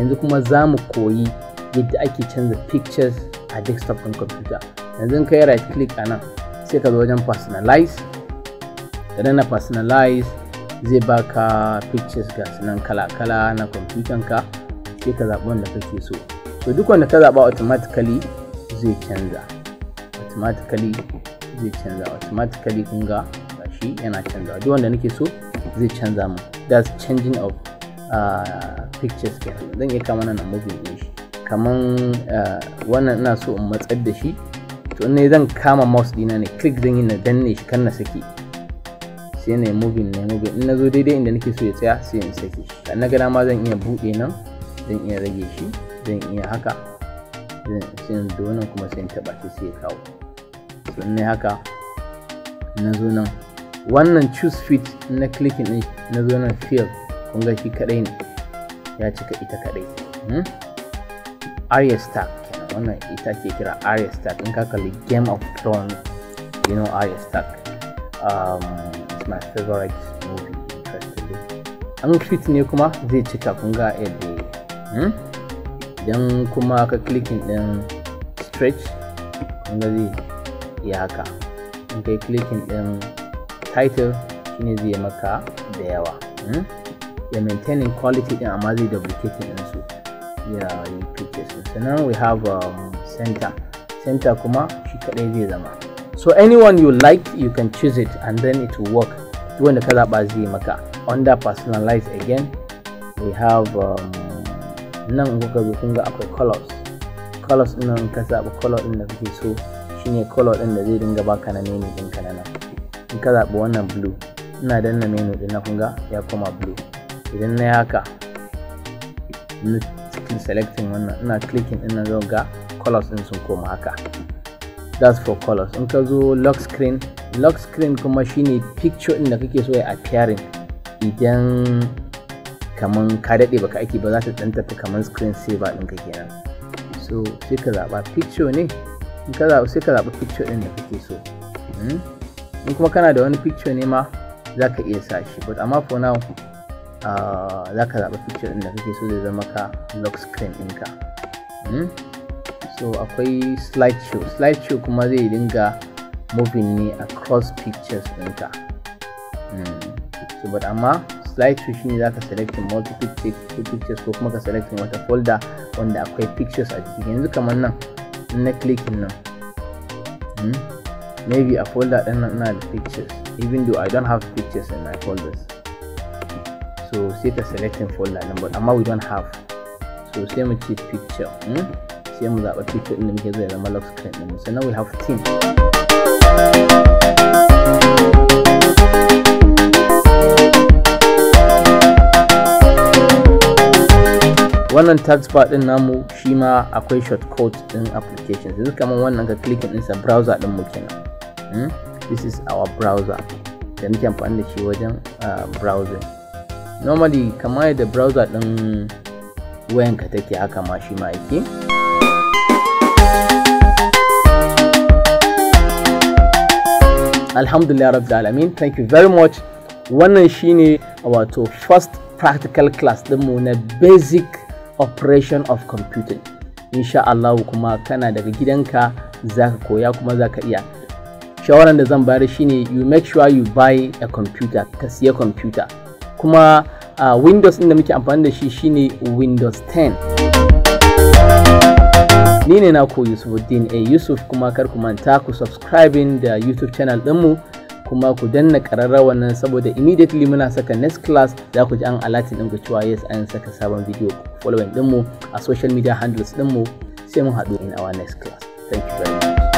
yanzu kuma za mu koyi yadda ake canza pictures a desktop ɗin computer yanzu ka yi right click a nan sai ka zo wajen personalize da na personalize zai baka pictures ga sunan kala-kala na computer ka sai ka zaɓi wanda kake so to duk wanda ka zaɓa automatically zai canza automatically zai canza automatically kun ga shi yana canza duk wanda nake so zai canza mu that's changing of pictures ke zan iya kama nan movie din shi kaman wannan ina so in matsar da shi to ne zan kama mouse dina ne click zan yi na danne shi kan na saki sai na yi moving na moving in na zo daidai inda nake so ya tsaya sai in saki shi na gada ma zan iya buɗe nan zan iya rage shi zan iya haka sai in zo nan kuma sai in taɓa shi sai ya kawo to ne haka na zo nan wannan choose fit na clicking din na zo nan field kun ga shi kadai ne ya cika ita kadai hmm? Arya Stark wannan ita ke kira Arya Stark in ka kalli Game of Thrones you know Arya Stark um, it's my favorite movie interestingly Anushit ne kuma zai cika kun ga yadda hmm? idan kuma ka clicking din stretch kun ga zai ya haka in kai clicking din title shine zai maka da yawa hmm? ya maintaining quality in amma zai duplicating yeah su ya yi So now we have um, center center kuma shi zai zama so anyone you like you can choose it and then it will work wanda ka zaba zai maka under personalize again we have um, nan kuka zo kun ga akwai colors colors nan ka zaba color din da kake so shine color din da zai dinga baka na menu din ka na in ka zaba wannan blue ina danna menu din na kun ya koma blue idan na yi haka na cikin selecting wannan ina clicking ina zo ga colors din sun koma haka that's for colors in ka zo lock screen lock screen kuma shine picture din da kake so ya appearing idan kaman ka daɗe baka aiki ba za ta ɗan tafi kaman screen saver ka kenan so sai ka zaɓa picture ne in ka zaɓa sai ka zaɓa picture ɗin da kake so hmm? in kuma kana da wani picture ne ma za ka iya sa shi but amma for now Ah, za ka zaɓi picture ɗin da kake so zai zama ka lock screen ɗinka hmm? so akwai slideshow slideshow kuma zai dinga moving ne across pictures ɗinka hmm. so but amma slideshow ne za ka selectin multiple pictures ko kuma ka selectin wata folder wanda akwai pictures a jiki yanzu kamar nan na clicking nan hmm? maybe a folder ɗin nan ina da pictures even though i don't have pictures in my folders so sai ta selecting folder din number amma we don't have so sai mu ce picture hmm? sai mu zaɓa picture din da muke zai zama lock screen din now we have team wannan tax bar din namu shi ma akwai shortcut din application yanzu kamar wannan ka clicking ɗinsa browser din mu kenan hmm? this is our browser da muke amfani da shi wajen ah, browsing normally kamar yadda browser ɗin wayanka take haka ma shi ma yake alhamdulillah rabbi alamin thank you very much wannan shine wato first practical class mu na basic operation of computing insha Allah kuma kana daga gidanka zaka koya kuma zaka iya shawaran da zan bayar shine you make sure you buy a computer ka siya computer kuma uh, windows ɗin da muke amfani da shi shine windows 10 ni ne naku yusufuddin a yusuf kuma kar ku manta ku subscribing da youtube channel ɗinmu kuma ku danna ƙararrawa wannan saboda immediately muna saka next class za ku ji an alati ɗin ku cewa yes an saka sabon video following ɗinmu a social media handles ɗinmu sai mun haɗu in our next class thank you very much